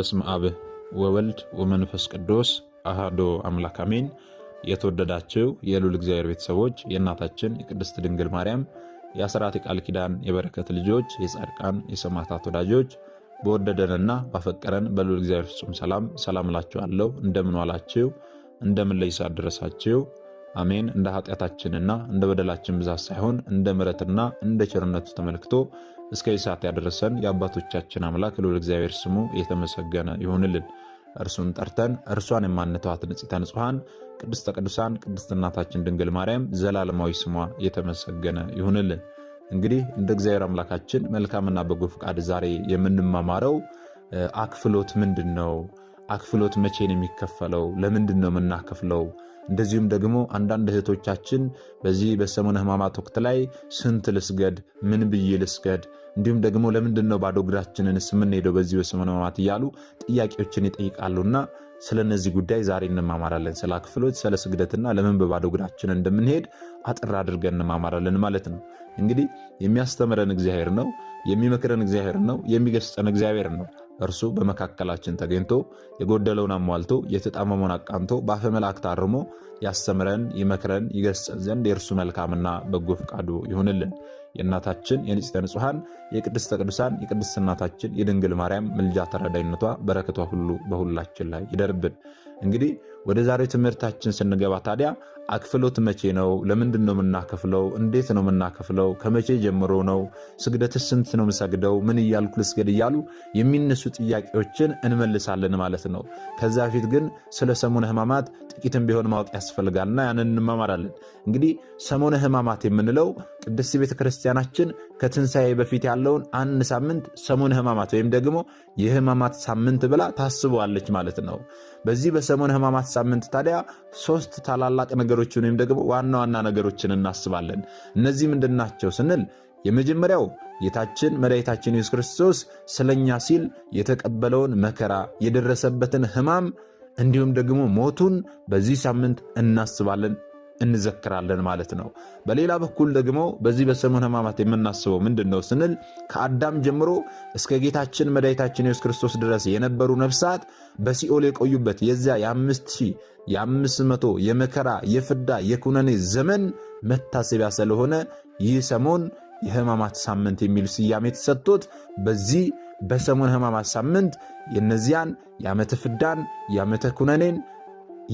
በስም አብ ወወልድ ወመንፈስ ቅዱስ አህዶ አምላክ አሜን። የተወደዳችው የሉል እግዚአብሔር ቤተሰቦች የእናታችን የቅድስት ድንግል ማርያም የአስራት የቃል ኪዳን የበረከት ልጆች የጻድቃን የሰማዕታት ወዳጆች በወደደንና ባፈቀረን በሉል እግዚአብሔር ፍጹም ሰላም ሰላም እላችኋለሁ። እንደምን ዋላችሁ? እንደምን ለይሳ ደረሳችሁ? አሜን። እንደ ኃጢአታችንና እንደ በደላችን ብዛት ሳይሆን እንደ ምረትና እንደ ቸርነቱ ተመልክቶ እስከዚህ ሰዓት ያደረሰን የአባቶቻችን አምላክ ልዑል እግዚአብሔር ስሙ የተመሰገነ ይሁንልን። እርሱን ጠርተን እርሷን የማንተዋት ንጽሕተ ንጹሐን ቅድስተ ቅዱሳን ቅድስት እናታችን ድንግል ማርያም ዘላለማዊ ስሟ የተመሰገነ ይሁንልን። እንግዲህ እንደ እግዚአብሔር አምላካችን መልካምና በጎ ፍቃድ ዛሬ የምንማማረው አክፍሎት ምንድን ነው? አክፍሎት መቼ ነው የሚከፈለው? ለምንድን ነው የምናከፍለው? እንደዚሁም ደግሞ አንዳንድ እህቶቻችን በዚህ በሰሙነ ሕማማት ወቅት ላይ ስንት ልስገድ፣ ምን ብዬ ልስገድ እንዲሁም ደግሞ ለምንድን ነው ባዶ እግራችንን ስምንሄደው በዚህ በሰሙነ ሕማማት እያሉ ጥያቄዎችን ይጠይቃሉና ስለ እነዚህ ጉዳይ ዛሬ እንማማራለን። ስለ አክፍሎት፣ ስለ ስግደትና ለምን በባዶ እግራችን እንደምንሄድ አጥር አድርገን እንማማራለን ማለት ነው። እንግዲህ የሚያስተምረን እግዚአብሔር ነው፣ የሚመክረን እግዚአብሔር ነው፣ የሚገስጸን እግዚአብሔር ነው። እርሱ በመካከላችን ተገኝቶ የጎደለውን አሟልቶ የተጣመመውን አቃንቶ በአፈ መላእክት አርሞ ያስተምረን፣ ይመክረን፣ ይገስጸን ዘንድ የእርሱ መልካምና በጎ ፈቃዱ ይሁንልን። የእናታችን የንጽሕተ ንጹሐን የቅድስተ ቅዱሳን የቅድስት እናታችን የድንግል ማርያም ምልጃ ተረዳይነቷ በረከቷ ሁሉ በሁላችን ላይ ይደርብን። እንግዲህ ወደ ዛሬው ትምህርታችን ስንገባ ታዲያ አክፍሎት መቼ ነው? ለምንድን ነው የምናከፍለው? እንዴት ነው የምናከፍለው? ከመቼ ጀምሮ ነው? ስግደትስ ስንት ነው የምሰግደው? ምን እያልኩ ልስገድ? እያሉ የሚነሱ ጥያቄዎችን እንመልሳለን ማለት ነው። ከዛ በፊት ግን ስለ ሰሙነ ሕማማት ጥቂትም ቢሆን ማወቅ ያስፈልጋልና ያንን እንማማራለን። እንግዲህ ሰሙነ ሕማማት የምንለው ቅድስት ቤተ ክርስቲያናችን ከትንሣኤ በፊት ያለውን አንድ ሳምንት ሰሙነ ሕማማት ወይም ደግሞ የሕማማት ሳምንት ብላ ታስበዋለች ማለት ነው። በዚህ በሰሙነ ሕማማት ሳምንት ታዲያ ሶስት ታላላቅ ነገር ነገሮችን ወይም ደግሞ ዋና ዋና ነገሮችን እናስባለን። እነዚህ ምንድን ናቸው ስንል የመጀመሪያው ጌታችን መድኃኒታችን ኢየሱስ ክርስቶስ ስለኛ ሲል የተቀበለውን መከራ የደረሰበትን ሕማም እንዲሁም ደግሞ ሞቱን በዚህ ሳምንት እናስባለን እንዘክራለን ማለት ነው። በሌላ በኩል ደግሞ በዚህ በሰሙነ ሕማማት የምናስበው ምንድን ነው ስንል ከአዳም ጀምሮ እስከ ጌታችን መድኃኒታችን ኢየሱስ ክርስቶስ ድረስ የነበሩ ነፍሳት በሲኦል የቆዩበት የዚያ የአምስት ሺህ የአምስት መቶ የመከራ የፍዳ የኩነኔ ዘመን መታሰቢያ ስለሆነ ይህ ሰሞን የሕማማት ሳምንት የሚል ስያሜ ተሰጥቶት በዚህ በሰሙነ ሕማማት ሳምንት የእነዚያን የዓመተ ፍዳን የዓመተ ኩነኔን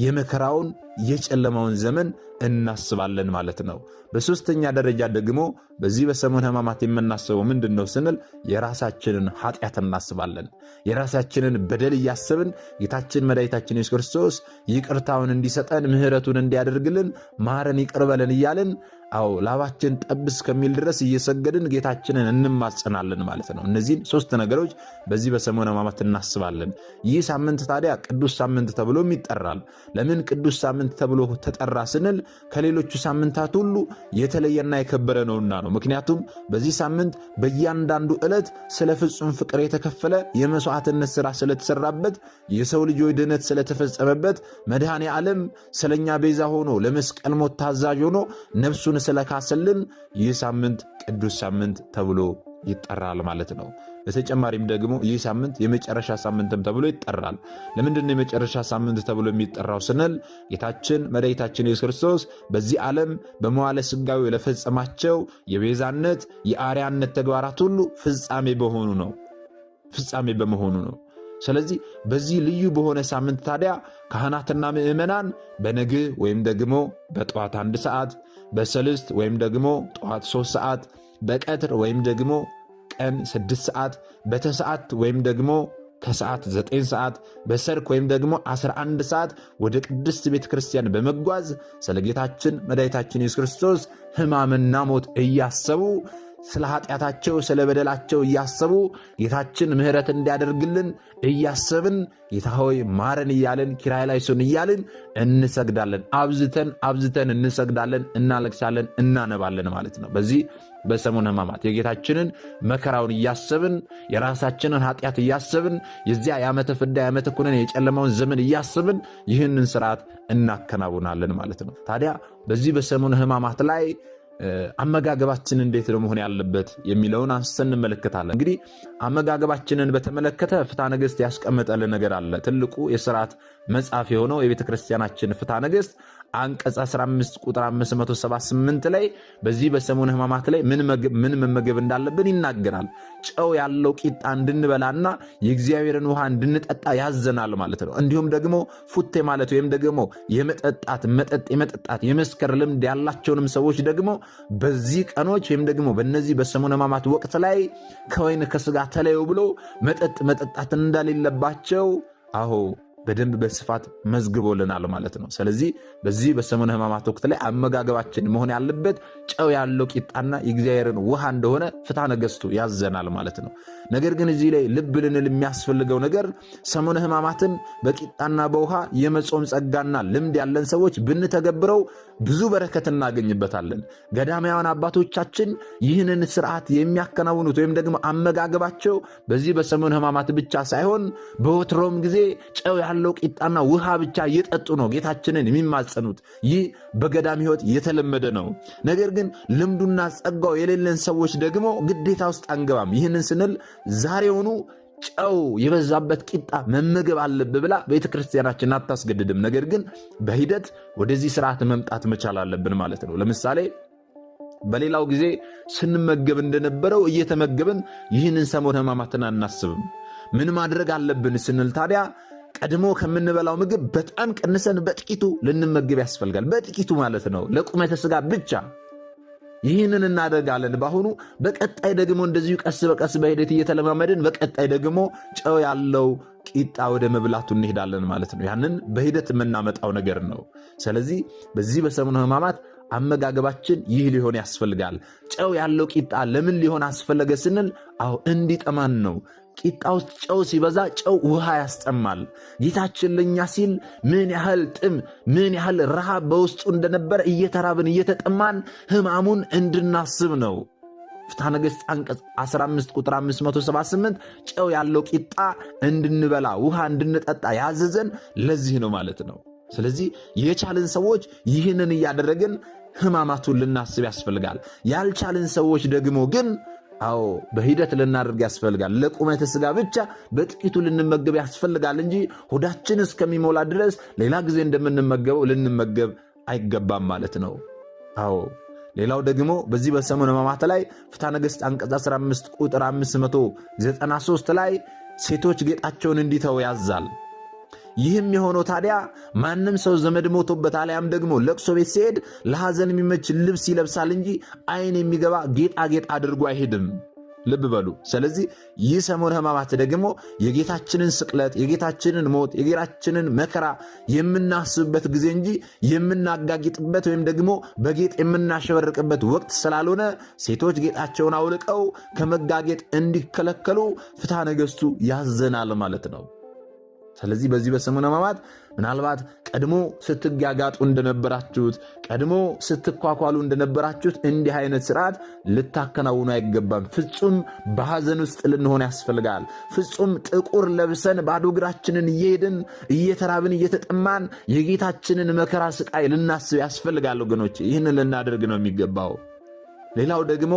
የመከራውን የጨለማውን ዘመን እናስባለን ማለት ነው። በሦስተኛ ደረጃ ደግሞ በዚህ በሰሙነ ሕማማት የምናስበው ምንድን ነው ስንል የራሳችንን ኃጢአት እናስባለን። የራሳችንን በደል እያስብን ጌታችን መድኃኒታችን ኢየሱስ ክርስቶስ ይቅርታውን እንዲሰጠን ምሕረቱን እንዲያደርግልን ማረን ይቅርበልን እያልን አዎ ላባችን ጠብ እስከሚል ድረስ እየሰገድን ጌታችንን እንማጸናለን ማለት ነው። እነዚህን ሶስት ነገሮች በዚህ በሰሙነ ሕማማት እናስባለን። ይህ ሳምንት ታዲያ ቅዱስ ሳምንት ተብሎም ይጠራል። ለምን ቅዱስ ሳምንት ተብሎ ተጠራ ስንል ከሌሎቹ ሳምንታት ሁሉ የተለየና የከበረ ነውና ነው። ምክንያቱም በዚህ ሳምንት በእያንዳንዱ ዕለት ስለ ፍጹም ፍቅር የተከፈለ የመስዋዕትነት ስራ ስለተሰራበት፣ የሰው ልጆች ድህነት ስለተፈጸመበት፣ መድኃኔ ዓለም ስለኛ ቤዛ ሆኖ ለመስቀል ሞት ታዛዥ ሆኖ ነፍሱን እሱን ስለካስልን ይህ ሳምንት ቅዱስ ሳምንት ተብሎ ይጠራል ማለት ነው። በተጨማሪም ደግሞ ይህ ሳምንት የመጨረሻ ሳምንትም ተብሎ ይጠራል። ለምንድነው የመጨረሻ ሳምንት ተብሎ የሚጠራው ስንል ጌታችን መድኃኒታችን ኢየሱስ ክርስቶስ በዚህ ዓለም በመዋለ ስጋዊ ለፈጸማቸው የቤዛነት የአርያነት ተግባራት ሁሉ ፍጻሜ በሆኑ ነው ፍጻሜ በመሆኑ ነው። ስለዚህ በዚህ ልዩ በሆነ ሳምንት ታዲያ ካህናትና ምዕመናን በነግህ ወይም ደግሞ በጠዋት አንድ ሰዓት በሰልስት ወይም ደግሞ ጠዋት ሶስት ሰዓት፣ በቀትር ወይም ደግሞ ቀን ስድስት ሰዓት፣ በተሰዓት ወይም ደግሞ ከሰዓት 9 ሰዓት፣ በሰርክ ወይም ደግሞ 11 ሰዓት ወደ ቅድስት ቤተ ክርስቲያን በመጓዝ ስለ ጌታችን መድኃኒታችን ኢየሱስ ክርስቶስ ሕማምና ሞት እያሰቡ ስለ ኃጢአታቸው ስለ በደላቸው እያሰቡ ጌታችን ምሕረት እንዲያደርግልን እያሰብን ጌታ ሆይ ማረን እያልን ኪራይ ላይ ሱን እያልን እንሰግዳለን። አብዝተን አብዝተን እንሰግዳለን፣ እናለቅሳለን፣ እናነባለን ማለት ነው። በዚህ በሰሙን ሕማማት የጌታችንን መከራውን እያሰብን የራሳችንን ኃጢአት እያሰብን የዚያ የዓመተ ፍዳ የዓመተ ኩነኔ የጨለማውን ዘመን እያሰብን ይህንን ስርዓት እናከናውናለን ማለት ነው። ታዲያ በዚህ በሰሙን ሕማማት ላይ አመጋገባችን እንዴት ነው መሆን ያለበት የሚለውን አንስተን እንመለከታለን። እንግዲህ አመጋገባችንን በተመለከተ ፍትሐ ነገሥት ያስቀመጠልን ነገር አለ። ትልቁ የስርዓት መጽሐፍ የሆነው የቤተ ክርስቲያናችን ፍትሐ ነገሥት አንቀጽ 15 ቁጥር 578 ላይ በዚህ በሰሙነ ሕማማት ላይ ምን መመገብ እንዳለብን ይናገራል። ጨው ያለው ቂጣ እንድንበላና የእግዚአብሔርን ውሃ እንድንጠጣ ያዘናል ማለት ነው። እንዲሁም ደግሞ ፉቴ ማለት ወይም ደግሞ የመጠጣት መጠጥ የመጠጣት የመስከር ልምድ ያላቸውንም ሰዎች ደግሞ በዚህ ቀኖች ወይም ደግሞ በነዚህ በሰሙነ ሕማማት ወቅት ላይ ከወይን ከስጋ ተለዩ ብሎ መጠጥ መጠጣት እንደሌለባቸው አሁ በደንብ በስፋት መዝግቦልናል ማለት ነው። ስለዚህ በዚህ በሰሙነ ሕማማት ወቅት ላይ አመጋገባችን መሆን ያለበት ጨው ያለው ቂጣና የእግዚአብሔርን ውሃ እንደሆነ ፍትሐ ነገሥቱ ያዘናል ማለት ነው። ነገር ግን እዚህ ላይ ልብ ልንል የሚያስፈልገው ነገር ሰሙነ ሕማማትን በቂጣና በውሃ የመጾም ጸጋና ልምድ ያለን ሰዎች ብንተገብረው ብዙ በረከት እናገኝበታለን። ገዳማውያን አባቶቻችን ይህንን ስርዓት የሚያከናውኑት ወይም ደግሞ አመጋገባቸው በዚህ በሰሙነ ሕማማት ብቻ ሳይሆን በወትሮም ጊዜ ጨው ካለው ቂጣና ውሃ ብቻ እየጠጡ ነው ጌታችንን የሚማጸኑት። ይህ በገዳም ሕይወት የተለመደ ነው። ነገር ግን ልምዱና ጸጋው የሌለን ሰዎች ደግሞ ግዴታ ውስጥ አንገባም። ይህንን ስንል ዛሬውኑ ጨው የበዛበት ቂጣ መመገብ አለብህ ብላ ቤተ ክርስቲያናችን አታስገድድም። ነገር ግን በሂደት ወደዚህ ስርዓት መምጣት መቻል አለብን ማለት ነው። ለምሳሌ በሌላው ጊዜ ስንመገብ እንደነበረው እየተመገብን ይህንን ሰሞን ሕማማትን አናስብም። ምን ማድረግ አለብን ስንል ታዲያ ቀድሞ ከምንበላው ምግብ በጣም ቀንሰን በጥቂቱ ልንመግብ ያስፈልጋል። በጥቂቱ ማለት ነው፣ ለቁመተ ስጋ ብቻ። ይህንን እናደርጋለን በአሁኑ። በቀጣይ ደግሞ እንደዚሁ ቀስ በቀስ በሂደት እየተለማመድን በቀጣይ ደግሞ ጨው ያለው ቂጣ ወደ መብላቱ እንሄዳለን ማለት ነው። ያንን በሂደት የምናመጣው ነገር ነው። ስለዚህ በዚህ በሰሙነ ሕማማት አመጋገባችን ይህ ሊሆን ያስፈልጋል። ጨው ያለው ቂጣ ለምን ሊሆን አስፈለገ ስንል አሁ እንዲጠማን ነው። ቂጣ ውስጥ ጨው ሲበዛ ጨው ውሃ ያስጠማል። ጌታችን ለእኛ ሲል ምን ያህል ጥም፣ ምን ያህል ረሃብ በውስጡ እንደነበረ እየተራብን እየተጠማን ሕማሙን እንድናስብ ነው። ፍትሐ ነገሥት አንቀጽ 15 ቁጥር 578 ጨው ያለው ቂጣ እንድንበላ ውሃ እንድንጠጣ ያዘዘን ለዚህ ነው ማለት ነው። ስለዚህ የቻልን ሰዎች ይህንን እያደረግን ሕማማቱን ልናስብ ያስፈልጋል። ያልቻልን ሰዎች ደግሞ ግን አዎ በሂደት ልናደርግ ያስፈልጋል። ለቁመተ ስጋ ብቻ በጥቂቱ ልንመገብ ያስፈልጋል እንጂ ሆዳችን እስከሚሞላ ድረስ ሌላ ጊዜ እንደምንመገበው ልንመገብ አይገባም ማለት ነው። አዎ ሌላው ደግሞ በዚህ በሰሙነ ሕማማት ላይ ፍትሐ ነገሥት አንቀጽ 15 ቁጥር 593 ላይ ሴቶች ጌጣቸውን እንዲተው ያዛል። ይህም የሆነው ታዲያ ማንም ሰው ዘመድ ሞቶበት አሊያም ደግሞ ለቅሶ ቤት ሲሄድ ለሐዘን የሚመች ልብስ ይለብሳል እንጂ ዓይን የሚገባ ጌጣጌጥ አድርጎ አይሄድም። ልብ በሉ። ስለዚህ ይህ ሰሙነ ሕማማት ደግሞ የጌታችንን ስቅለት፣ የጌታችንን ሞት፣ የጌታችንን መከራ የምናስብበት ጊዜ እንጂ የምናጋጊጥበት ወይም ደግሞ በጌጥ የምናሸበርቅበት ወቅት ስላልሆነ ሴቶች ጌጣቸውን አውልቀው ከመጋጌጥ እንዲከለከሉ ፍትሐ ነገሥቱ ያዘናል ማለት ነው። ስለዚህ በዚህ በሰሙነ ሕማማት ምናልባት ቀድሞ ስትጋጋጡ እንደነበራችሁት ቀድሞ ስትኳኳሉ እንደነበራችሁት እንዲህ አይነት ስርዓት ልታከናውኑ አይገባም። ፍጹም በሐዘን ውስጥ ልንሆን ያስፈልጋል። ፍጹም ጥቁር ለብሰን ባዶ እግራችንን እየሄድን እየተራብን እየተጠማን የጌታችንን መከራ ስቃይ ልናስብ ያስፈልጋል ወገኖች። ይህን ልናደርግ ነው የሚገባው። ሌላው ደግሞ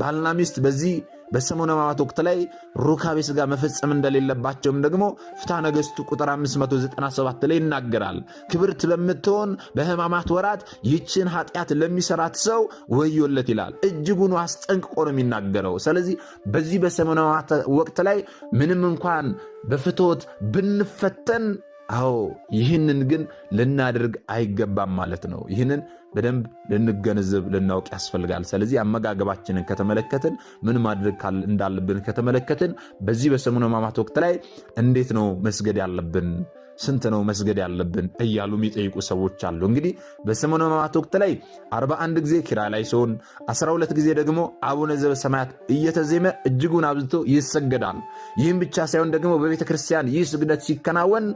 ባልና ሚስት በዚህ በሰሙነ ሕማማት ወቅት ላይ ሩካቤ ሥጋ መፈጸም እንደሌለባቸውም ደግሞ ፍትሐ ነገሥቱ ቁጥር 597 ላይ ይናገራል። ክብርት በምትሆን በሕማማት ወራት ይችን ኃጢአት ለሚሰራት ሰው ወዮለት ይላል። እጅጉን አስጠንቅቆ ነው የሚናገረው። ስለዚህ በዚህ በሰሙነ ሕማማት ወቅት ላይ ምንም እንኳን በፍትወት ብንፈተን አዎ ይህንን ግን ልናደርግ አይገባም ማለት ነው። ይህንን በደንብ ልንገነዘብ ልናውቅ ያስፈልጋል። ስለዚህ አመጋገባችንን ከተመለከትን ምን ማድረግ እንዳለብን ከተመለከትን በዚህ በሰሙነ ሕማማት ወቅት ላይ እንዴት ነው መስገድ ያለብን ስንት ነው መስገድ ያለብን እያሉ የሚጠይቁ ሰዎች አሉ። እንግዲህ በሰሙነ ሕማማት ወቅት ላይ 41 ጊዜ ኪራ ላይ ሲሆን 12 ጊዜ ደግሞ አቡነ ዘበሰማያት እየተዜመ እጅጉን አብዝቶ ይሰገዳል። ይህም ብቻ ሳይሆን ደግሞ በቤተ ክርስቲያን ይህ ስግደት ሲከናወን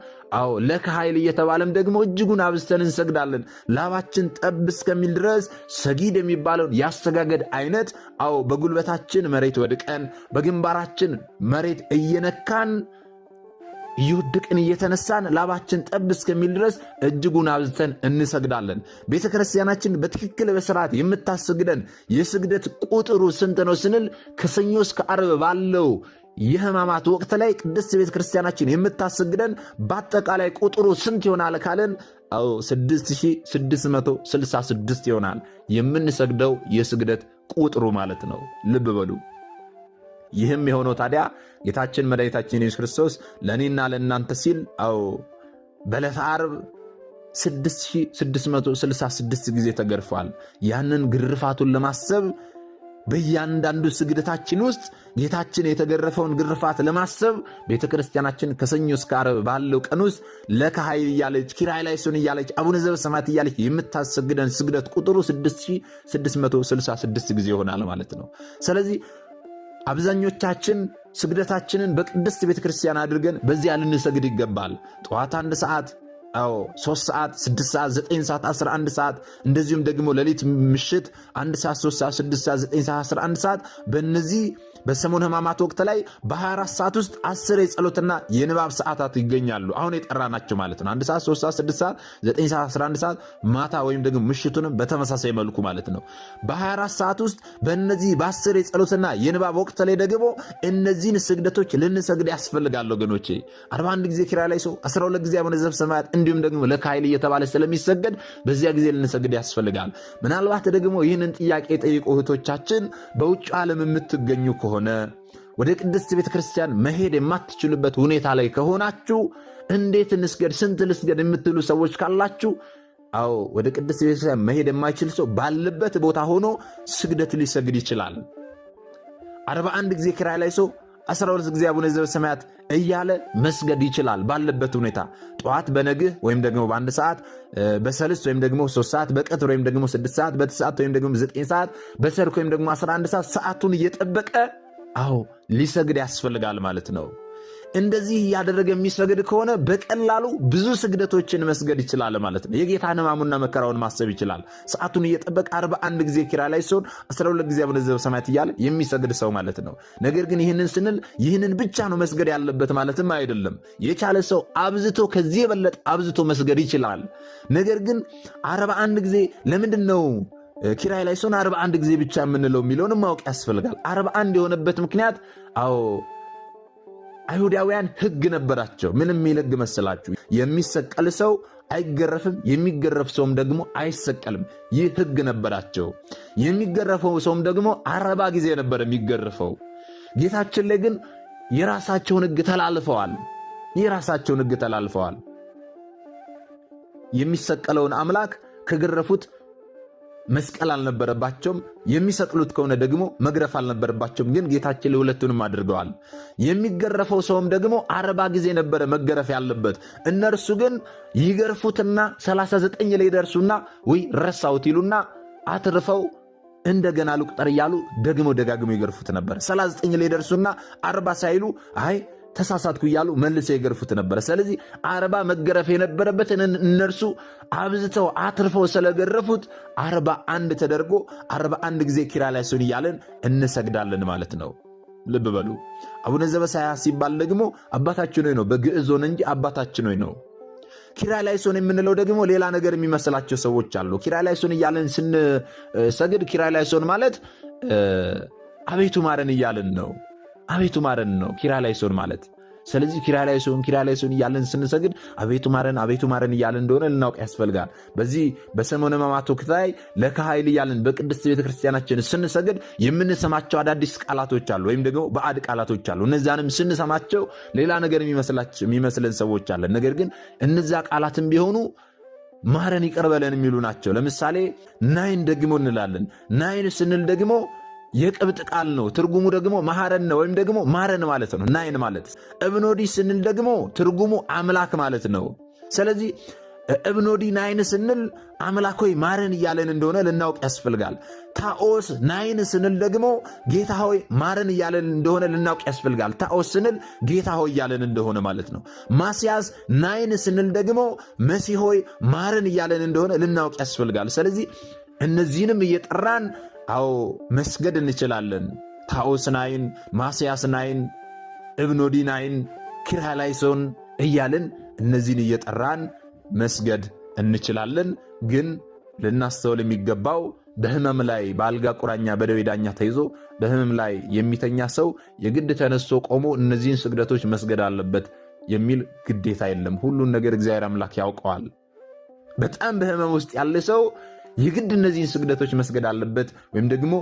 አዎ ለከ ኃይል እየተባለም ደግሞ እጅጉን አብዝተን እንሰግዳለን። ላባችን ጠብ እስከሚል ድረስ ሰጊድ የሚባለውን ያስተጋገድ አይነት አዎ በጉልበታችን መሬት ወድቀን በግንባራችን መሬት እየነካን እየወደቅን እየተነሳን ላባችን ጠብ እስከሚል ድረስ እጅጉን አብዝተን እንሰግዳለን። ቤተ ክርስቲያናችን በትክክል በስርዓት የምታስግደን የስግደት ቁጥሩ ስንት ነው ስንል ከሰኞ እስከ ዓርብ ባለው የህማማት ወቅት ላይ ቅድስት ቤተ ክርስቲያናችን የምታስግደን በአጠቃላይ ቁጥሩ ስንት ይሆናል ካለን 6666 ይሆናል። የምንሰግደው የስግደት ቁጥሩ ማለት ነው። ልብ በሉ። ይህም የሆነው ታዲያ ጌታችን መድኃኒታችን ኢየሱስ ክርስቶስ ለእኔና ለእናንተ ሲል አዎ በዕለተ ዓርብ 666 ጊዜ ተገርፏል። ያንን ግርፋቱን ለማሰብ በእያንዳንዱ ስግደታችን ውስጥ ጌታችን የተገረፈውን ግርፋት ለማሰብ ቤተ ክርስቲያናችን ከሰኞ እስከ ዓርብ ባለው ቀን ውስጥ ለከሃይል እያለች ኪራይ ላይ ሱን እያለች አቡነ ዘበሰማያት እያለች የምታሰግደን ስግደት ቁጥሩ 6666 ጊዜ ይሆናል ማለት ነው። ስለዚህ አብዛኞቻችን ስግደታችንን በቅድስት ቤተ ክርስቲያን አድርገን በዚያ ልንሰግድ ይገባል። ጠዋት አንድ ሰዓት፣ አዎ ሶስት ሰዓት፣ ስድስት ሰዓት፣ ዘጠኝ ሰዓት፣ አስራ አንድ ሰዓት እንደዚሁም ደግሞ ሌሊት ምሽት አንድ ሰዓት፣ ሶስት ሰዓት፣ ስድስት ሰዓት፣ ዘጠኝ ሰዓት፣ አስራ አንድ ሰዓት በእነዚህ በሰሙነ ህማማት ወቅት ላይ በ24 ሰዓት ውስጥ አስር የጸሎትና የንባብ ሰዓታት ይገኛሉ። አሁን የጠራ ናቸው ማለት ነው። አንድ ሰዓት፣ ሶስት ሰዓት፣ ስድስት ሰዓት፣ ዘጠኝ ሰዓት፣ 11 ሰዓት ማታ ወይም ደግሞ ምሽቱንም በተመሳሳይ መልኩ ማለት ነው። በ24 ሰዓት ውስጥ በእነዚህ በአስር የጸሎትና የንባብ ወቅት ላይ ደግሞ እነዚህን ስግደቶች ልንሰግድ ያስፈልጋል ወገኖቼ። 41 ጊዜ ኪራ ላይ ሰው 12 ጊዜ አቡነ ዘበሰማያት እንዲሁም ደግሞ ለካይል እየተባለ ስለሚሰገድ በዚያ ጊዜ ልንሰግድ ያስፈልጋል። ምናልባት ደግሞ ይህንን ጥያቄ የጠየቁ እህቶቻችን በውጭ ዓለም የምትገኙ ከሆ ከሆነ ወደ ቅድስት ቤተ ክርስቲያን መሄድ የማትችሉበት ሁኔታ ላይ ከሆናችሁ እንዴት እንስገድ፣ ስንት ልስገድ የምትሉ ሰዎች ካላችሁ አዎ ወደ ቅድስት ቤተክርስቲያን መሄድ የማይችል ሰው ባለበት ቦታ ሆኖ ስግደት ሊሰግድ ይችላል። አርባ አንድ ጊዜ ኪራይ ላይ ሰው አስራ ሁለት ጊዜ አቡነ ዘበሰማያት እያለ መስገድ ይችላል። ባለበት ሁኔታ ጠዋት በነግህ ወይም ደግሞ በአንድ ሰዓት፣ በሰልስት ወይም ደግሞ ሶስት ሰዓት፣ በቀትር ወይም ደግሞ ስድስት ሰዓት፣ በተሰዓት ወይም ደግሞ ዘጠኝ ሰዓት፣ በሰርክ ወይም ደግሞ አስራ አንድ ሰዓት ሰዓቱን እየጠበቀ አዎ ሊሰግድ ያስፈልጋል ማለት ነው። እንደዚህ እያደረገ የሚሰግድ ከሆነ በቀላሉ ብዙ ስግደቶችን መስገድ ይችላል ማለት ነው። የጌታን ሕማሙና መከራውን ማሰብ ይችላል። ሰዓቱን እየጠበቀ አርባ አንድ ጊዜ ኪራ ላይ ሲሆን 12 ጊዜ አቡነ ዘበሰማያት እያለ የሚሰግድ ሰው ማለት ነው። ነገር ግን ይህንን ስንል ይህንን ብቻ ነው መስገድ ያለበት ማለትም አይደለም። የቻለ ሰው አብዝቶ ከዚህ የበለጠ አብዝቶ መስገድ ይችላል። ነገር ግን አርባ አንድ ጊዜ ለምንድን ነው ኪራይ ላይ ሲሆን አርባ አንድ ጊዜ ብቻ የምንለው የሚለውንም ማወቅ ያስፈልጋል። አርባ አንድ የሆነበት ምክንያት አዎ አይሁዳውያን ሕግ ነበራቸው። ምን የሚል ሕግ መሰላችሁ? የሚሰቀል ሰው አይገረፍም፣ የሚገረፍ ሰውም ደግሞ አይሰቀልም። ይህ ሕግ ነበራቸው። የሚገረፈው ሰውም ደግሞ አረባ ጊዜ ነበር የሚገረፈው። ጌታችን ላይ ግን የራሳቸውን ሕግ ተላልፈዋል። የራሳቸውን ሕግ ተላልፈዋል። የሚሰቀለውን አምላክ ከገረፉት መስቀል አልነበረባቸውም። የሚሰቅሉት ከሆነ ደግሞ መግረፍ አልነበረባቸውም። ግን ጌታችን ለሁለቱንም አድርገዋል። የሚገረፈው ሰውም ደግሞ አርባ ጊዜ ነበረ መገረፍ ያለበት። እነርሱ ግን ይገርፉትና 39 ላይ ደርሱና ወይ ረሳውት ይሉና አትርፈው እንደገና ልቁጠር እያሉ ደግሞ ደጋግሞ ይገርፉት ነበር። 39 ላይ ደርሱና አርባ ሳይሉ አይ ተሳሳትኩ እያሉ መልሰው የገርፉት ነበረ። ስለዚህ አርባ መገረፍ የነበረበትን እነርሱ አብዝተው አትርፈው ስለገረፉት አርባ አንድ ተደርጎ አርባ አንድ ጊዜ ኪራ ላይ ሱን እያለን እንሰግዳለን ማለት ነው። ልብ በሉ። አቡነ ዘበሳያስ ሲባል ደግሞ አባታችን ሆይ ነው በግዕዞን እንጂ አባታችን ሆይ ነው። ኪራ ላይ ሶን የምንለው ደግሞ ሌላ ነገር የሚመስላቸው ሰዎች አሉ። ኪራ ላይ ሶን እያለን ስንሰግድ ኪራ ላይ ሶን ማለት አቤቱ ማረን እያለን ነው አቤቱ ማረን ነው ኪርያላይሶን ማለት። ስለዚህ ላይ ኪርያላይሶን እያለን ስንሰግድ አቤቱ ማረን አቤቱ ማረን እያለን እንደሆነ ልናውቅ ያስፈልጋል። በዚህ በሰሞነ ሕማማት ወቅት ላይ ለከኃይል እያለን በቅድስት ቤተክርስቲያናችን ስንሰግድ የምንሰማቸው አዳዲስ ቃላቶች አሉ፣ ወይም ደግሞ በአድ ቃላቶች አሉ። እነዚያንም ስንሰማቸው ሌላ ነገር የሚመስለን ሰዎች አለን። ነገር ግን እነዚያ ቃላትም ቢሆኑ ማረን ይቅር የሚሉ ናቸው። ለምሳሌ ናይን ደግሞ እንላለን። ናይን ስንል ደግሞ የቅብጥ ቃል ነው። ትርጉሙ ደግሞ ማረን ነው ወይም ደግሞ ማረን ማለት ነው። ናይን ማለት እብኖዲ ስንል ደግሞ ትርጉሙ አምላክ ማለት ነው። ስለዚህ እብኖዲ ናይን ስንል አምላክ ሆይ ማረን እያለን እንደሆነ ልናውቅ ያስፈልጋል። ታኦስ ናይን ስንል ደግሞ ጌታ ሆይ ማረን እያለን እንደሆነ ልናውቅ ያስፈልጋል። ታኦስ ስንል ጌታ ሆይ እያለን እንደሆነ ማለት ነው። ማስያዝ ናይን ስንል ደግሞ መሲሆይ ሆይ ማረን እያለን እንደሆነ ልናውቅ ያስፈልጋል። ስለዚህ እነዚህንም እየጠራን አዎ መስገድ እንችላለን። ታኦስናይን፣ ማስያስናይን፣ እብኖዲናይን፣ ኪርሃላይሶን እያልን እነዚህን እየጠራን መስገድ እንችላለን። ግን ልናስተውል የሚገባው በህመም ላይ በአልጋ ቁራኛ በደዌ ዳኛ ተይዞ በህመም ላይ የሚተኛ ሰው የግድ ተነስቶ ቆሞ እነዚህን ስግደቶች መስገድ አለበት የሚል ግዴታ የለም። ሁሉን ነገር እግዚአብሔር አምላክ ያውቀዋል። በጣም በህመም ውስጥ ያለ ሰው የግድ እነዚህን ስግደቶች መስገድ አለበት ወይም ደግሞ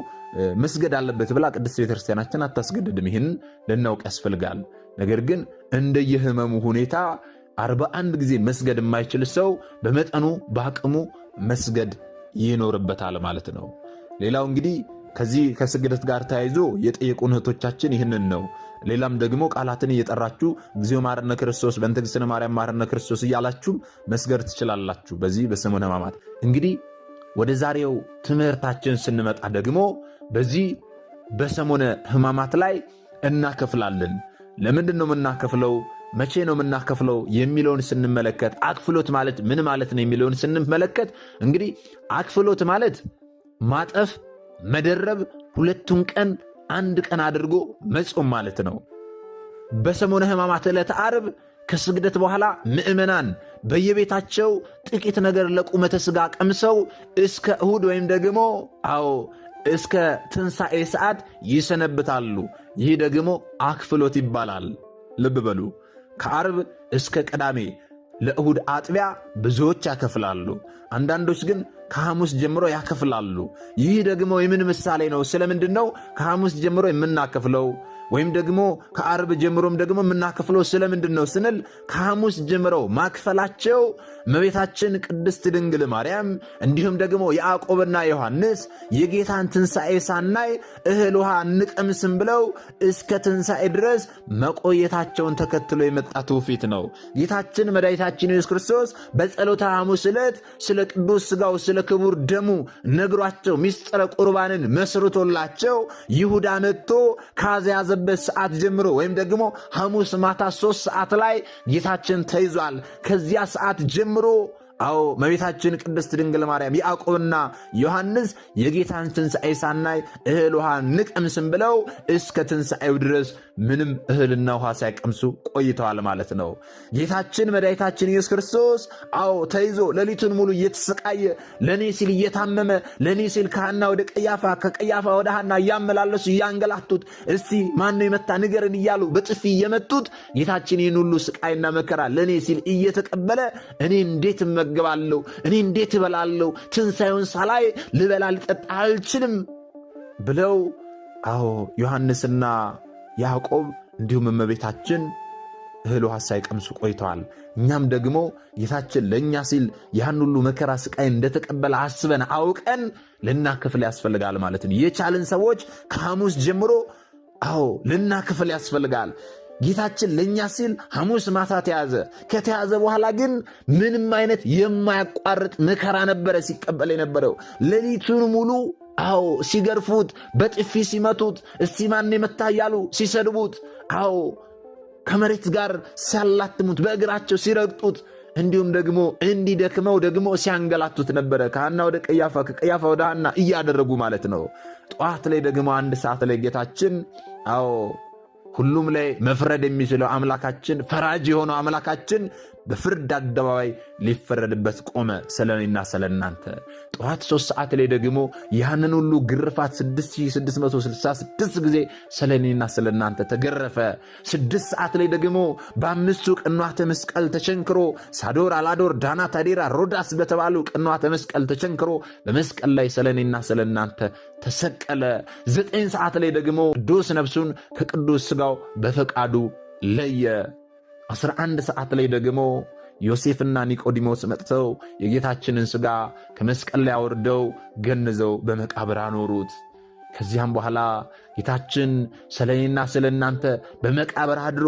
መስገድ አለበት ብላ ቅድስት ቤተክርስቲያናችን አታስገድድም። ይህን ልናውቅ ያስፈልጋል። ነገር ግን እንደየህመሙ ሁኔታ አርባ አንድ ጊዜ መስገድ የማይችል ሰው በመጠኑ በአቅሙ መስገድ ይኖርበታል ማለት ነው። ሌላው እንግዲህ ከዚህ ከስግደት ጋር ተያይዞ የጠየቁን እህቶቻችን ይህንን ነው። ሌላም ደግሞ ቃላትን እየጠራችሁ እግዚኦ ማረነ ክርስቶስ፣ በእንተ እግዝእትነ ማርያም ማረነ ክርስቶስ እያላችሁም መስገድ ትችላላችሁ። በዚህ በሰሙነ ሕማማት እንግዲህ ወደ ዛሬው ትምህርታችን ስንመጣ ደግሞ በዚህ በሰሞነ ሕማማት ላይ እናከፍላለን። ለምንድን ነው የምናከፍለው? መቼ ነው የምናከፍለው የሚለውን ስንመለከት አክፍሎት ማለት ምን ማለት ነው የሚለውን ስንመለከት እንግዲህ አክፍሎት ማለት ማጠፍ፣ መደረብ፣ ሁለቱን ቀን አንድ ቀን አድርጎ መጾም ማለት ነው። በሰሞነ ሕማማት ዕለተ ዓርብ ከስግደት በኋላ ምዕመናን በየቤታቸው ጥቂት ነገር ለቁመተ ሥጋ ቀምሰው እስከ እሁድ ወይም ደግሞ አዎ እስከ ትንሣኤ ሰዓት ይሰነብታሉ። ይህ ደግሞ አክፍሎት ይባላል። ልብ በሉ ከአርብ እስከ ቅዳሜ ለእሁድ አጥቢያ ብዙዎች ያከፍላሉ። አንዳንዶች ግን ከሐሙስ ጀምሮ ያከፍላሉ። ይህ ደግሞ የምን ምሳሌ ነው? ስለምንድን ነው ከሐሙስ ጀምሮ የምናከፍለው? ወይም ደግሞ ከአርብ ጀምሮም ደግሞ የምናከፍለው ስለምንድን ነው ስንል ከሐሙስ ጀምረው ማክፈላቸው እመቤታችን ቅድስት ድንግል ማርያም እንዲሁም ደግሞ ያዕቆብና ዮሐንስ የጌታን ትንሣኤ ሳናይ እህል ውሃ እንቀምስም ብለው እስከ ትንሣኤ ድረስ መቆየታቸውን ተከትሎ የመጣ ትውፊት ነው። ጌታችን መድኃኒታችን ኢየሱስ ክርስቶስ በጸሎተ ሐሙስ ዕለት ስለ ቅዱስ ሥጋው ስለ ክቡር ደሙ ነግሯቸው ሚስጥረ ቁርባንን መስርቶላቸው ይሁዳ መጥቶ ካዘያዘበት ሰዓት ጀምሮ ወይም ደግሞ ሐሙስ ማታ ሦስት ሰዓት ላይ ጌታችን ተይዟል። ከዚያ ሰዓት ጀምሮ lembrou አዎ መቤታችን ቅድስት ድንግል ማርያም ያዕቆብና ዮሐንስ የጌታን ትንሣኤ ሳናይ እህል ውሃ ንቀምስም ብለው እስከ ትንሣኤው ድረስ ምንም እህልና ውሃ ሳይቀምሱ ቆይተዋል ማለት ነው። ጌታችን መድኃኒታችን ኢየሱስ ክርስቶስ አዎ ተይዞ ሌሊቱን ሙሉ እየተሰቃየ ለእኔ ሲል እየታመመ ለእኔ ሲል ከሐና ወደ ቀያፋ ከቀያፋ ወደ ሐና እያመላለሱ እያንገላቱት፣ እስቲ ማነው የመታ ንገርን እያሉ በጥፊ እየመቱት ጌታችን ይህን ሁሉ ስቃይና መከራ ለእኔ ሲል እየተቀበለ እኔ እንዴት መ እጠግባለሁ? እኔ እንዴት እበላለሁ? ትንሣኤውን ሳላይ ልበላ ልጠጣ አልችልም ብለው አዎ ዮሐንስና ያዕቆብ እንዲሁም እመቤታችን እህል ውሃ ሳይቀምሱ ቆይተዋል። እኛም ደግሞ ጌታችን ለእኛ ሲል ያን ሁሉ መከራ ስቃይ እንደተቀበለ አስበን አውቀን ልናክፍል ያስፈልጋል ማለት ነው። የቻልን ሰዎች ከሐሙስ ጀምሮ አዎ ልናከፍል ያስፈልጋል። ጌታችን ለእኛ ሲል ሐሙስ ማታ ተያዘ። ከተያዘ በኋላ ግን ምንም አይነት የማያቋርጥ መከራ ነበረ ሲቀበል የነበረው ሌሊቱን ሙሉ አዎ ሲገርፉት፣ በጥፊ ሲመቱት፣ እስቲ ማን የመታ እያሉ ሲሰድቡት፣ አዎ ከመሬት ጋር ሲያላትሙት፣ በእግራቸው ሲረግጡት፣ እንዲሁም ደግሞ እንዲደክመው ደግሞ ሲያንገላቱት ነበረ። ከሐና ወደ ቀያፋ፣ ከቀያፋ ወደ ሐና እያደረጉ ማለት ነው። ጠዋት ላይ ደግሞ አንድ ሰዓት ላይ ጌታችን አዎ ሁሉም ላይ መፍረድ የሚችለው አምላካችን ፈራጅ የሆነው አምላካችን በፍርድ አደባባይ ሊፈረድበት ቆመ፣ ስለኔና ስለእናንተ። ጠዋት ሶስት ሰዓት ላይ ደግሞ ያንን ሁሉ ግርፋት 6666 ጊዜ ስለኔና ስለእናንተ ተገረፈ። ስድስት ሰዓት ላይ ደግሞ በአምስቱ ቅንዋተ መስቀል ተቸንክሮ ሳዶር፣ አላዶር፣ ዳና፣ ታዴራ፣ ሮዳስ በተባሉ ቅንዋተ መስቀል ተቸንክሮ በመስቀል ላይ ስለኔና ስለእናንተ ተሰቀለ። ዘጠኝ ሰዓት ላይ ደግሞ ቅዱስ ነፍሱን ከቅዱስ ስጋው በፈቃዱ ለየ። አስራ አንድ ሰዓት ላይ ደግሞ ዮሴፍና ኒቆዲሞስ መጥተው የጌታችንን ሥጋ ከመስቀል ላይ አውርደው ገንዘው በመቃብር አኖሩት። ከዚያም በኋላ ጌታችን ስለ እኔና ስለ እናንተ በመቃብር አድሮ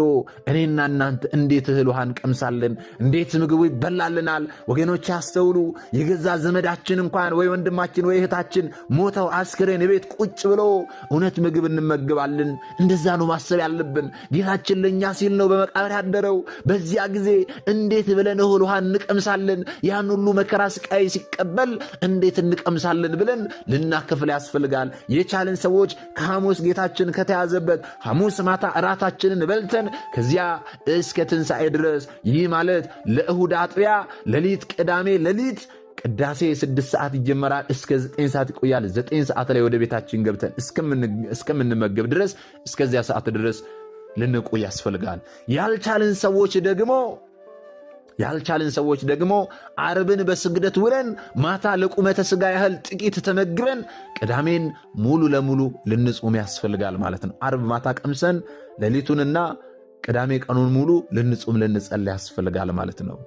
እኔና እናንተ እንዴት እህል ውሃ እንቀምሳለን? እንዴት ምግቡ ይበላልናል? ወገኖች ያስተውሉ። የገዛ ዘመዳችን እንኳን ወይ ወንድማችን ወይ እህታችን ሞተው አስክሬን ቤት ቁጭ ብሎ እውነት ምግብ እንመግባለን? እንደዛ ነው ማሰብ ያለብን። ጌታችን ለእኛ ሲል ነው በመቃብር ያደረው። በዚያ ጊዜ እንዴት ብለን እህል ውሃ እንቀምሳለን? ያን ሁሉ መከራ ስቃይ ሲቀበል እንዴት እንቀምሳለን ብለን ልናከፍል ያስፈልጋል። የቻልን ሰዎች ከሐሙስ ሐሙስ ጌታችን ከተያዘበት ሐሙስ ማታ እራታችንን በልተን ከዚያ እስከ ትንሣኤ ድረስ ይህ ማለት ለእሁድ አጥቢያ ሌሊት ቅዳሜ ሌሊት ቅዳሴ ስድስት ሰዓት ይጀመራል። እስከ ዘጠኝ ሰዓት ይቆያል። ዘጠኝ ሰዓት ላይ ወደ ቤታችን ገብተን እስከምንመገብ ድረስ እስከዚያ ሰዓት ድረስ ልንቆይ ያስፈልጋል። ያልቻልን ሰዎች ደግሞ ያልቻልን ሰዎች ደግሞ አርብን በስግደት ውለን ማታ ለቁመተ ሥጋ ያህል ጥቂት ተመግበን ቅዳሜን ሙሉ ለሙሉ ልንጹም ያስፈልጋል ማለት ነው። አርብ ማታ ቀምሰን ሌሊቱንና ቅዳሜ ቀኑን ሙሉ ልንጹም ልንጸል ያስፈልጋል ማለት ነው።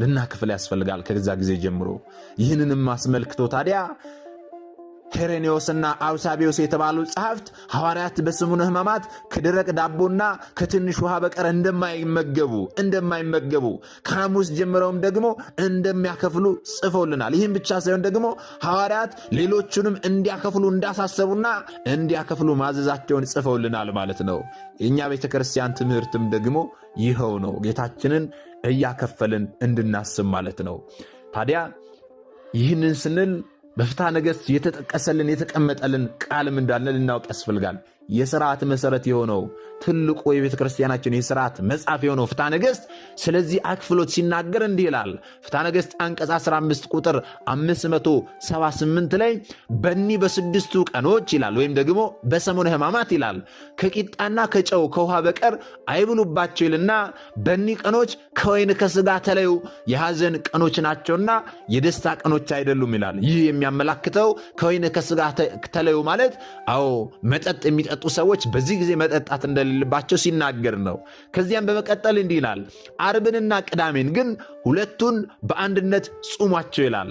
ልናክፍል ያስፈልጋል ከዛ ጊዜ ጀምሮ። ይህንንም አስመልክቶ ታዲያ ኬሬኔዎስና አውሳቢዎስ የተባሉ ጸሐፍት ሐዋርያት በሰሙነ ሕማማት ከደረቅ ዳቦና ከትንሽ ውሃ በቀር እንደማይመገቡ እንደማይመገቡ ከሐሙስ ጀምረውም ደግሞ እንደሚያከፍሉ ጽፈውልናል። ይህም ብቻ ሳይሆን ደግሞ ሐዋርያት ሌሎቹንም እንዲያከፍሉ እንዳሳሰቡና እንዲያከፍሉ ማዘዛቸውን ጽፈውልናል ማለት ነው። የእኛ ቤተ ክርስቲያን ትምህርትም ደግሞ ይኸው ነው። ጌታችንን እያከፈልን እንድናስብ ማለት ነው። ታዲያ ይህንን ስንል በፍትሐ ነገሥት የተጠቀሰልን የተቀመጠልን ቃልም እንዳለ ልናውቅ ያስፈልጋል። የስርዓት መሰረት የሆነው ትልቁ የቤተ ክርስቲያናችን የስርዓት መጽሐፍ የሆነው ፍትሐ ነገሥት ስለዚህ አክፍሎት ሲናገር እንዲህ ይላል። ፍትሐ ነገሥት አንቀጽ 15 ቁጥር 578 ላይ በኒ በስድስቱ ቀኖች ይላል፣ ወይም ደግሞ በሰሞነ ሕማማት ይላል፣ ከቂጣና ከጨው ከውሃ በቀር አይብሉባቸው ይልና በኒህ ቀኖች ከወይን ከስጋ ተለዩ፣ የሐዘን ቀኖች ናቸውና የደስታ ቀኖች አይደሉም ይላል። ይህ የሚያመላክተው ከወይን ከስጋ ተለዩ ማለት አዎ መጠጥ የሚጠ የሚጠጡ ሰዎች በዚህ ጊዜ መጠጣት እንደሌለባቸው ሲናገር ነው። ከዚያም በመቀጠል እንዲህ ይላል፣ አርብንና ቅዳሜን ግን ሁለቱን በአንድነት ጹሟቸው ይላል።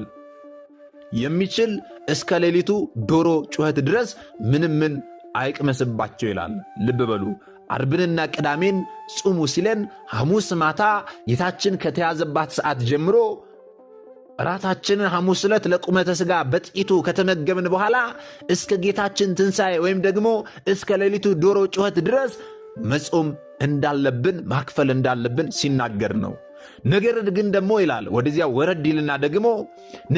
የሚችል እስከ ሌሊቱ ዶሮ ጩኸት ድረስ ምንም ምን አይቅመስባቸው ይላል። ልብ በሉ። አርብንና ቅዳሜን ጹሙ ሲለን ሐሙስ ማታ ጌታችን ከተያዘባት ሰዓት ጀምሮ ራታችንን ሐሙስ ዕለት ለቁመተ ሥጋ በጥቂቱ ከተመገብን በኋላ እስከ ጌታችን ትንሣኤ ወይም ደግሞ እስከ ሌሊቱ ዶሮ ጩኸት ድረስ መጾም እንዳለብን ማክፈል እንዳለብን ሲናገር ነው። ነገር ግን ደግሞ ይላል ወደዚያ ወረድ ይልና ደግሞ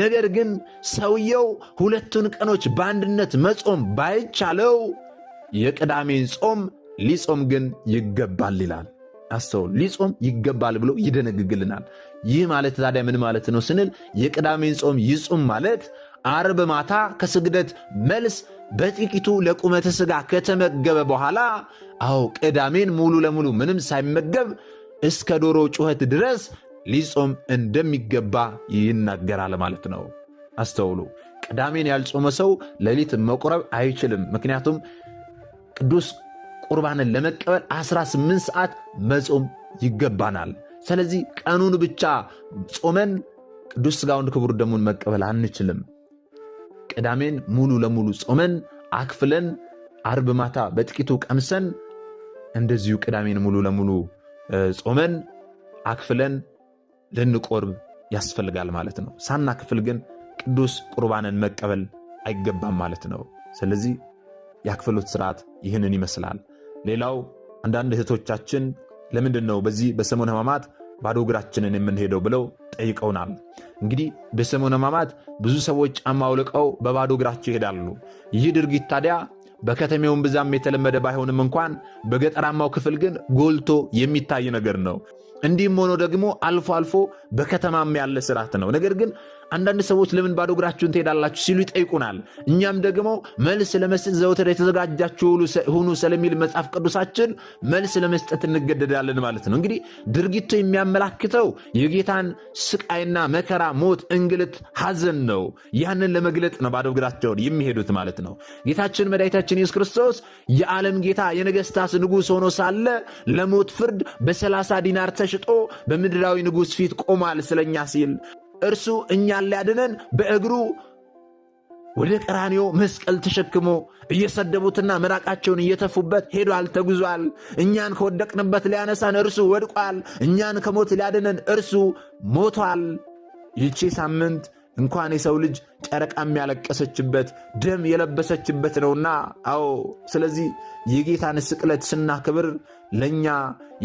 ነገር ግን ሰውየው ሁለቱን ቀኖች በአንድነት መጾም ባይቻለው የቅዳሜን ጾም ሊጾም ግን ይገባል ይላል። አስተውል። ሊጾም ይገባል ብሎ ይደነግግልናል። ይህ ማለት ታዲያ ምን ማለት ነው ስንል የቅዳሜን ጾም ይጹም ማለት አርብ ማታ ከስግደት መልስ በጥቂቱ ለቁመተ ሥጋ ከተመገበ በኋላ አዎ ቅዳሜን ሙሉ ለሙሉ ምንም ሳይመገብ እስከ ዶሮ ጩኸት ድረስ ሊጾም እንደሚገባ ይናገራል ማለት ነው። አስተውሉ። ቅዳሜን ያልጾመ ሰው ሌሊት መቁረብ አይችልም። ምክንያቱም ቅዱስ ቁርባንን ለመቀበል 18 ሰዓት መጾም ይገባናል። ስለዚህ ቀኑን ብቻ ጾመን ቅዱስ ሥጋውን ክቡር ደሙን መቀበል አንችልም። ቅዳሜን ሙሉ ለሙሉ ጾመን አክፍለን አርብ ማታ በጥቂቱ ቀምሰን እንደዚሁ ቅዳሜን ሙሉ ለሙሉ ጾመን አክፍለን ልንቆርብ ያስፈልጋል ማለት ነው። ሳናክፍል ግን ቅዱስ ቁርባንን መቀበል አይገባም ማለት ነው። ስለዚህ የአክፍሎት ስርዓት ይህንን ይመስላል። ሌላው አንዳንድ እህቶቻችን ለምንድን ነው በዚህ በሰሙነ ሕማማት ባዶ እግራችንን የምንሄደው ብለው ጠይቀውናል። እንግዲህ በሰሙነ ሕማማት ብዙ ሰዎች ጫማ አውልቀው በባዶ እግራቸው ይሄዳሉ። ይህ ድርጊት ታዲያ በከተሜውን ብዛም የተለመደ ባይሆንም እንኳን በገጠራማው ክፍል ግን ጎልቶ የሚታይ ነገር ነው። እንዲህም ሆኖ ደግሞ አልፎ አልፎ በከተማም ያለ ስርዓት ነው። ነገር ግን አንዳንድ ሰዎች ለምን ባዶ እግራችሁን ትሄዳላችሁ ሲሉ ይጠይቁናል። እኛም ደግሞ መልስ ለመስጠት ዘወትር የተዘጋጃችሁ ሁኑ ስለሚል መጽሐፍ ቅዱሳችን መልስ ለመስጠት እንገደዳለን ማለት ነው። እንግዲህ ድርጊቱ የሚያመላክተው የጌታን ስቃይና መከራ፣ ሞት፣ እንግልት፣ ሐዘን ነው። ያንን ለመግለጥ ነው ባዶ እግራቸውን የሚሄዱት ማለት ነው። ጌታችን መድኃኒታችን ኢየሱስ ክርስቶስ የዓለም ጌታ የነገስታት ንጉሥ ሆኖ ሳለ ለሞት ፍርድ በሰላሳ ዲናር ተሽጦ በምድራዊ ንጉሥ ፊት ቆሟል ስለኛ ሲል እርሱ እኛን ሊያድነን በእግሩ ወደ ቀራኒዮ መስቀል ተሸክሞ እየሰደቡትና ምራቃቸውን እየተፉበት ሄዷል፣ ተጉዟል። እኛን ከወደቅንበት ሊያነሳን እርሱ ወድቋል። እኛን ከሞት ሊያድነን እርሱ ሞቷል። ይቺ ሳምንት እንኳን የሰው ልጅ ጨረቃም ያለቀሰችበት ደም የለበሰችበት ነውና። አዎ ስለዚህ የጌታን ስቅለት ስናክብር ለእኛ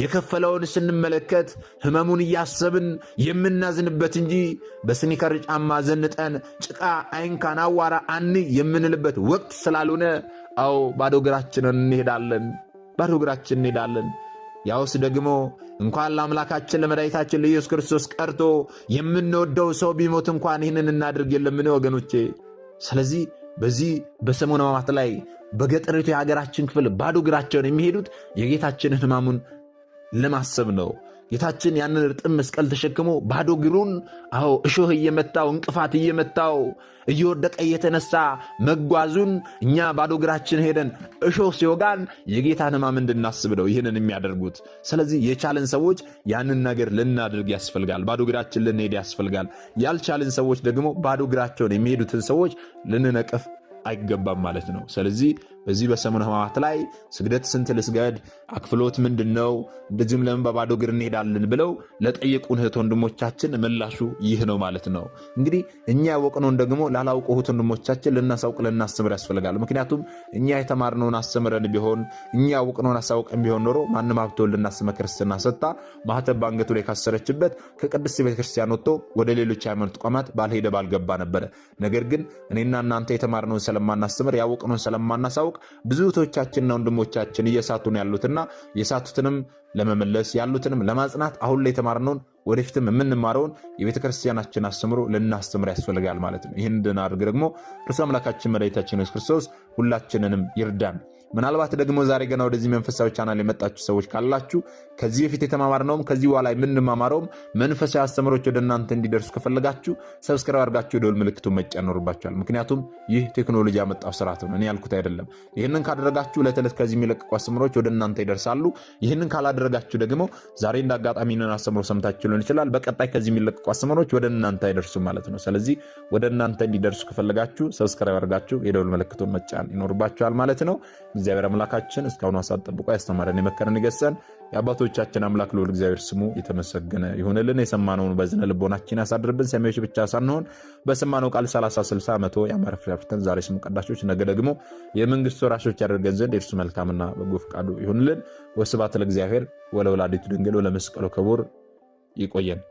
የከፈለውን ስንመለከት ሕመሙን እያሰብን የምናዝንበት እንጂ በስኒከር ጫማ ዘንጠን ጭቃ አይንካን አዋራ አን የምንልበት ወቅት ስላልሆነ፣ አዎ ባዶ እግራችንን እንሄዳለን፣ ባዶ እግራችን እንሄዳለን። ያውስ ደግሞ እንኳን ለአምላካችን ለመድኃኒታችን ለኢየሱስ ክርስቶስ ቀርቶ የምንወደው ሰው ቢሞት እንኳን ይህንን እናድርግ የለምን ወገኖቼ? ስለዚህ በዚህ በሰሙነ ሕማማት ላይ በገጠሪቱ የሀገራችን ክፍል ባዶ እግራቸውን የሚሄዱት የጌታችንን ሕማሙን ለማሰብ ነው። ጌታችን ያንን እርጥብ መስቀል ተሸክሞ ባዶ እግሩን አዎ እሾህ እየመታው እንቅፋት እየመታው እየወደቀ እየተነሳ መጓዙን እኛ ባዶ እግራችን ሄደን እሾህ ሲወጋን የጌታን ሕማም እንድናስብ ነው ይህንን የሚያደርጉት። ስለዚህ የቻልን ሰዎች ያንን ነገር ልናደርግ ያስፈልጋል። ባዶ እግራችን ልንሄድ ያስፈልጋል። ያልቻልን ሰዎች ደግሞ ባዶ እግራቸውን የሚሄዱትን ሰዎች ልንነቅፍ አይገባም ማለት ነው። ስለዚህ በዚህ በሰሙነ ሕማማት ላይ ስግደት ስንት ልስገድ፣ አክፍሎት ምንድን ነው፣ እንደዚሁም ለምን በባዶ እግር እንሄዳለን ብለው ለጠየቁን እህት ወንድሞቻችን ምላሹ ይህ ነው ማለት ነው። እንግዲህ እኛ ያወቅነውን ደግሞ ላላውቀ እህት ወንድሞቻችን ልናሳውቅ ልናስተምር ያስፈልጋል። ምክንያቱም እኛ የተማርነውን አስተምረን ቢሆን እኛ ያወቅነውን አሳውቀን ቢሆን ኖሮ ማንም ሀብተውን ልናስመ ክርስትና ሰጥታ ማህተብ በአንገቱ ላይ ካሰረችበት ከቅድስት ቤተክርስቲያን ወጥቶ ወደ ሌሎች ሃይማኖት ተቋማት ባልሄደ ባልገባ ነበረ። ነገር ግን እኔና እናንተ የተማርነውን ስለማናስተምር ያወቅነውን ስለማናሳውቅ ለማወቅ ብዙ እህቶቻችንና ወንድሞቻችን እየሳቱን ያሉትና የሳቱትንም ለመመለስ ያሉትንም ለማጽናት አሁን ላይ የተማርነውን ወደፊትም የምንማረውን የቤተ ክርስቲያናችን አስተምሮ ልናስተምር ያስፈልጋል ማለት ነው። ይህን እንድናደርግ ደግሞ እርሱ አምላካችን መድኃኒታችን ኢየሱስ ክርስቶስ ሁላችንንም ይርዳን። ምናልባት ደግሞ ዛሬ ገና ወደዚህ መንፈሳዊ ቻናል የመጣችሁ ሰዎች ካላችሁ ከዚህ በፊት የተማማርነውም ከዚህ በኋላ የምንማማረውም መንፈሳዊ አስተምሮች ወደ እናንተ እንዲደርሱ ከፈለጋችሁ ሰብስክራይብ አድርጋችሁ የደወል ምልክቱን መጫን ይኖርባችኋል። ምክንያቱም ይህ ቴክኖሎጂ ያመጣው ስርዓት ነው፣ እኔ ያልኩት አይደለም። ይህንን ካደረጋችሁ ዕለት ዕለት ከዚህ የሚለቀቁ አስተምሮች ወደ እናንተ ይደርሳሉ። ይህንን ካላደረጋችሁ ደግሞ ዛሬ እንደ አጋጣሚ አስተምሮ ሰምታችሁ ሊሆን ይችላል። በቀጣይ ከዚህ የሚለቀቁ አስተምሮች ወደ እናንተ አይደርሱም ማለት ነው። ስለዚህ ወደ እናንተ እንዲደርሱ ከፈለጋችሁ ሰብስክራይብ አድርጋችሁ የደወል ምልክቱን መጫን ይኖርባችኋል ማለት ነው። እግዚአብሔር አምላካችን እስካሁኑ ሀሳብ ጠብቆ ያስተማረን የመከረን ገሰን የአባቶቻችን አምላክ ልዑል እግዚአብሔር ስሙ የተመሰገነ ይሁንልን። የሰማነውን በዝነ ልቦናችን ያሳድርብን። ሰሚዎች ብቻ ሳንሆን በሰማነው ቃል 30 60 መቶ ያማረ ፍሬ አፍርተን ዛሬ ስሙ ቀዳሾች፣ ነገ ደግሞ የመንግስት ወራሾች ያደርገን ዘንድ የእርሱ መልካምና በጎ ፈቃዱ ይሁንልን። ወስብሐት ለእግዚአብሔር ወለወላዲቱ ድንግል ወለመስቀሉ ክቡር። ይቆየን።